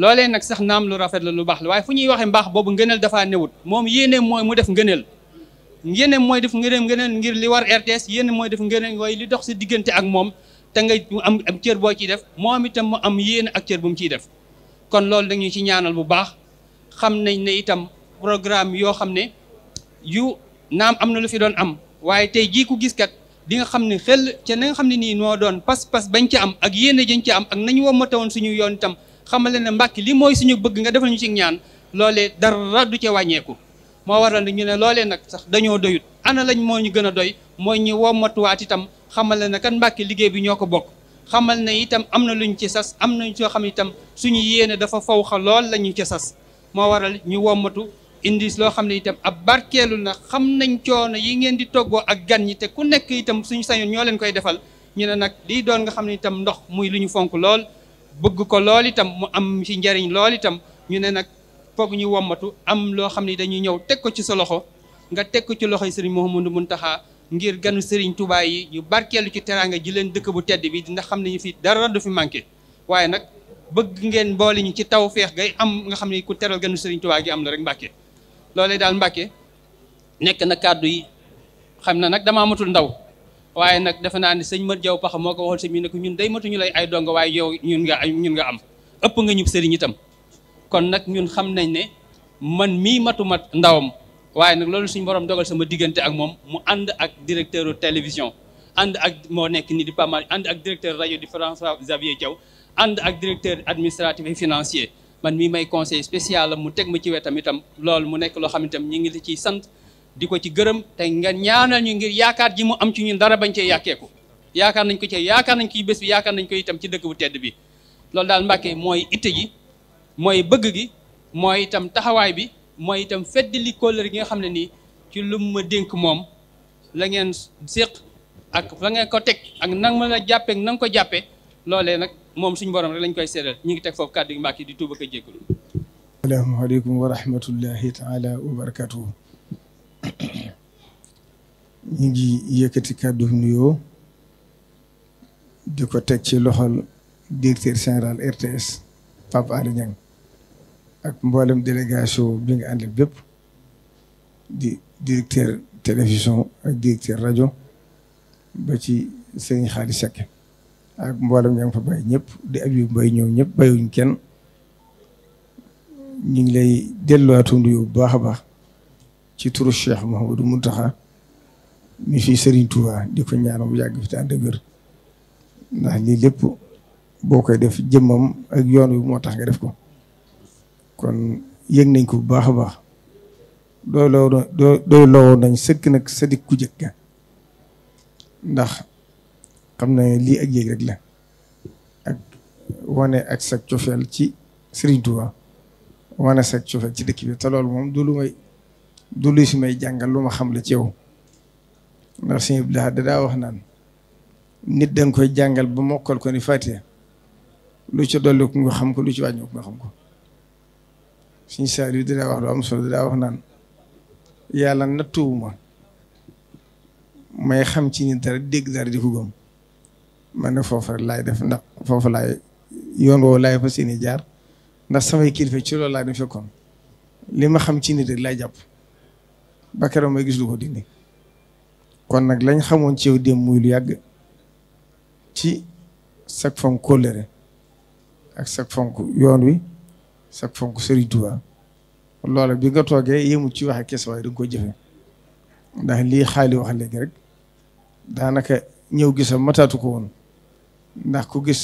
loolee nag sax naam lu rafet la lu baax la waaye fu ñuy waxee mbaax boobu ngëneel dafaa newut moom yéeneem mooy mu def ngëneel yéeneem mooy def ngëneel ngëneel ngir li war RTS yéeneem mooy def ngëneel waaye li dox sa diggante ak moom te nga am am cër boo ciy def moom itam mu am yéene ak cër bu mu ciy def kon loolu dañuy ci ñaanal bu baax xam nañ ne itam programme yoo xam ne yu naam am na lu fi doon am waaye tey jii ku gis kat di nga xam ne xel ca xam ne nii noo doon pas-pas bañ ci am ak yéene jañ ci am ak nañu womatawoon suñu yoon itam xamal leen ne Mbàkke li mooy suñu bëgg nga defal ñu ci ñaan loolee dara du ca wàññeeku moo waral ñu ne loolee nag sax dañoo doyut ana lañ moo ñu gën a doy mooy ñu wommatuwaat itam xamal ne kan Mbàkke liggéey bi ñoo ko bokk xamal ne itam am na luñ ci sas am nañ soo xam itam suñu yéene dafa fawxa lool la ñu ci sas moo waral ñu wommatu indi loo xam ne itam ab barkeelu na xam nañ coono yi ngeen di toggoo ak gan ñi te ku nekk itam suñu sañoon ñoo leen koy defal ñu ne nag lii doon nga xam ne itam ndox muy lu ñu fonk lool bëgg ko lool itam mu am ci njariñ lool itam ñu ne nag foog ñu wommatu am loo xam ne dañuy ñëw teg ko ci sa loxo nga teg ko ci loxo loxoy sëriñ mun Mountakha ngir ganu sëriñ tubaay yi ñu barkeelu ci teraanga ji leen dëkk bu tedd bi ndax xam nañu fi dara du fi manqué waaye nag bëgg ngeen boole ñu ci taw feex ngay am nga xam ne ku teral ganu sëriñ Touba gi am na rek Mbàkke loolee daal Mbàkke nekk na kàddu yi xam na nag dama matul ndaw waaye nag defe naa ne sëñ ma Jaw Paxa moo ko waxoon sëñ bi ñun day matuñu lay ay dongo waaye yow ñun nga ñun nga am ëpp nga ñub sëriñ itam kon nag ñun xam nañ ne man mii matu mat ndawam waaye nag loolu suñ borom dogal sama diggante ak moom mu ànd ak directeur télévision ànd ak moo nekk ni di Pape Malick ànd ak directeur rajo di François Xavier Thiaw ànd ak directeur administratif et financier man mii may conseil spécial mu teg ma ci wetam itam loolu mu nekk loo xam ne itam ñu ngi la ciy sant di ko ci gërëm te nga ñaanal ñu ngir yaakaar ji mu am ci ñun dara bañ cee yàkkeeku yaakaar nañ ko ci yaakaar nañ ko ci bés bi yaakaar nañ ko tam ci dëkk bu tedd bi loolu daal Mbàkke mooy itte ji mooy bëgg gi mooy itam taxawaay bi mooy itam fedd li kóllëre gi nga xam ne nii ci lu ma dénk moom la ngeen séq ak la ngeen ko teg ak nang ma la jàppee ak na ko jàppee loolee nag moom suñ borom rek lañ koy séddal ñu ngi teg foofu kàddu gi Mbàkke di tuuba ko jégalu asalaamaaleykum wa rahmatullahi taala wa barakatuhu ñu ngi yëkkati kàddu nuyoo di ko teg ci loxol directeur seneral RTS Pape Alé ak mboolem délégation bi nga àndal bépp di directeur télévision ak directeur rajo ba ci sëriñ Xaali Seck ak mboolem ña nga fa bàyyi ñëpp di ab yu mbay ñoom ñëpp bayuñ kenn ñu ngi lay delluwaatu nuyoo bu baax a baax ci turu Cheikh Mouhamadou Mountakha mi fi Serigne Touba di ko ñaan mu yàgg fi te ànd ak wér ndax lii lépp boo koy def jëmmam ak yoon wi moo tax nga def ko kon yëg nañ ko bu baax a baax doo loo doo doo nañ sëkk nag sa ku jëkk ndax xam na lii ak yéeg rek ak wane ak sa ci Serigne wane sa ci dëkk bi te loolu moom du lu may du si may jàngal lu ma xam la ci yow. ndax sëñ Abdul Ahad wax naan nit dañ koy jàngal bu mokkal ko ni fàtte lu ci dolli xam ko lu ci wàññi ku xam ko sëñ Saaliw daa wax lu am solo daa wax naan yàlla nattuwuma may xam ci ni dara dégg dara di ko gëm man ne foofu rek laay def ndax foofu laay yoon woo laay fa seeni jaar ndax samay kilifa ci loolu laa ne fekkoon ma xam ci nit rek laay jàpp ba keroog may gis luko ko dindi kon nag lañ xamoon ci yow démb muy lu yàgg ci sag fonk kóllëre ak sag fonk yoon wi sag fonk Sëriñ Tuubaa loole bi nga toogee yéemu ci waxe kese waaye da ko jëfe ndax lii xaali wax léegi rek daanaka ñëw gisam mataatu ko woon ndax ku gis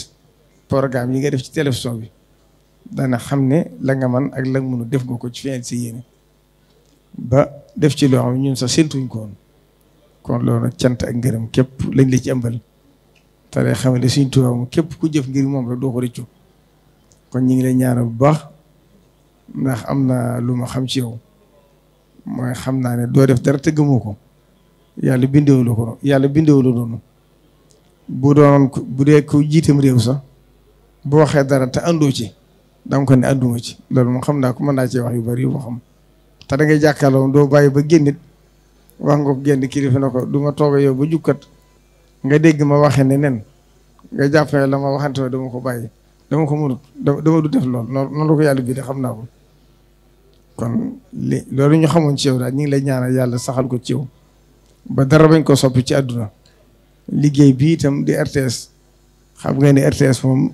programme yi nga def ci télévision bi dana xam ne la nga man ak la nga def nga ko ci feneen si yéene ba def ci loo xam ñun sax séntuñ ko woon kon loolu cant ak ngërëm képp lañ la ci ëmbal te lay xamal ne Sëriñ Tuubaa képp ku jëf ngir moom la doo ko rëccu kon ñu ngi lay ñaanal bu baax ndax am na lu ma xam ci yow mooy xam naa ne doo def dara te gëmoo ko yàlla bindeewul ko yàlla bindeewul noonu bu doon bu dee ko jiitam réew sax boo waxee dara te àndoo ci da nga ne ànduma ci loolu moom xam naa ko mën naa cee wax yu bari yu ma xam te da ngay jàkkaarloo doo bàyyi ba génnit wax nga ko genn kilifa ne ko du ma toog yow ba jukkat nga dégg ma waxe ne nen nga jàpp ne la ma waxante ne dama ko bàyyi dama ko mënut dama du def lool noonu la ko yàlla bindee xam naa ko kon li loolu ñu xamoon ci yow daal ñu ngi lay ñaanal yàlla saxal ko ci yow ba dara bañ ko soppi ci àdduna liggéey bi itam di RTS xam nga ni RTS moom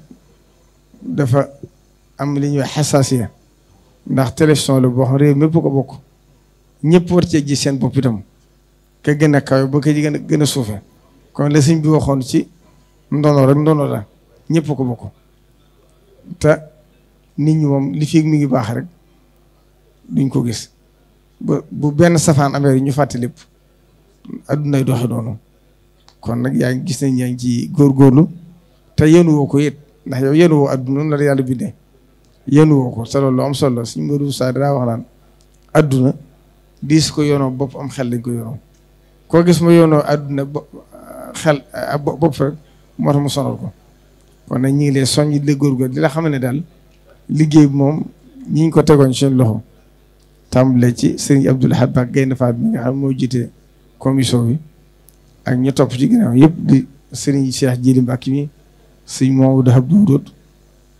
dafa am li ñuy wax xasaasiya ndax télévision la boo xam réew mépp ko bokk ñëpp war cee gis seen bopp itam ka gën a kawe ba ka gën a gën a suufe kon la sëñ bi waxoon ci ndono rek ndono la ñëpp ko bokk te nit ñi moom li fi mi ngi baax rek duñ ko gis ba bu benn safaan amee ñu fàtte lépp addunay doxe noonu kon nag yaa ngi gis nañ yaa ngi ci góorgóorlu te yéen woo ko it ndax yow yéen woo adduna la yàlla bindee woo ko te loolu solo suñu mbëru saa dara wax naan adduna ko yoonoo bopp am xel lañ ko yoonoo koo gis ma yoonoo àdduna xel ah, bopp rek moo tax mu sonal ko kon nag ñu ngi lay soññ di la góorgóorlu di la xam ne daal liggéey bi moom ñi ñu ko tegoon seen loxo tàmbale ci sëriñ Abdoul Ahad Mbacké Gaïndé Fatma bi nga xam moo jiite commission bi ak ñu topp ci ginnaaw yëpp di sëriñ Cheikh Jili Mbacké mi sëriñ Mamadou Abdou Doot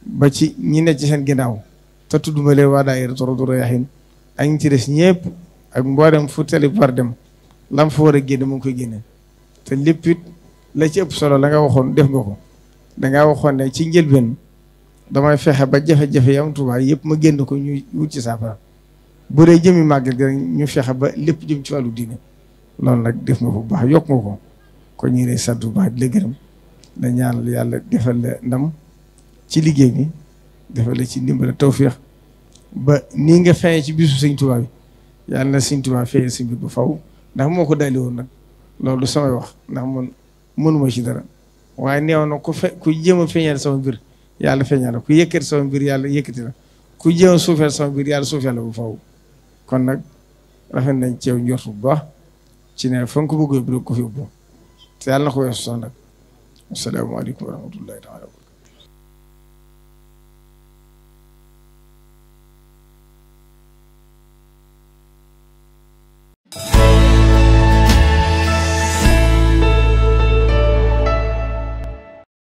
ba ci ñi ne ci seen ginnaaw te tudduma leen waa daayira Rawdu Rayaahiin ak ñi ci des ñëpp ak mboolem fu bu war dem lam fa war a génne mu ngi koy génne te lépp la ci ëpp solo la nga waxoon def nga ko dangaa waxoon ne ci njëlbeen damay fexe ba jafe-jafe yi am Tuubaa yëpp ma génn ko ñuy wut ci saafara bu dee jëmi màggal gi ñu fexe ba lépp jëm ci wàllu diine loolu nag def nga ko bu baax yokk nga ko kon ñu ne sant bu baax di la gërëm la ñaanal yàlla defal la ndam ci liggéey bi defal la ci ndimbal tawféex ba nii nga fayee ci bisu sëñ Tuubaa yàlla na sëñ Tuubaa fayee sëñ faw ndax moo ko daali woon nag loolu du samay wax ndax man mënuma ci dara waaye neew na ku fe ku a feeñal sama mbir yàlla feeñal la ku yëkkati sama mbir yàlla yëkkati la ku jéem a suufeel sama mbir yàlla suufeel bu faw kon nag rafet nañ ceew njort bu baax ci ne fa nga ko bëggee bu ko fi yóbbu te yàlla na ko weesu nag asalaamaaleykum wa rahmatullahi taala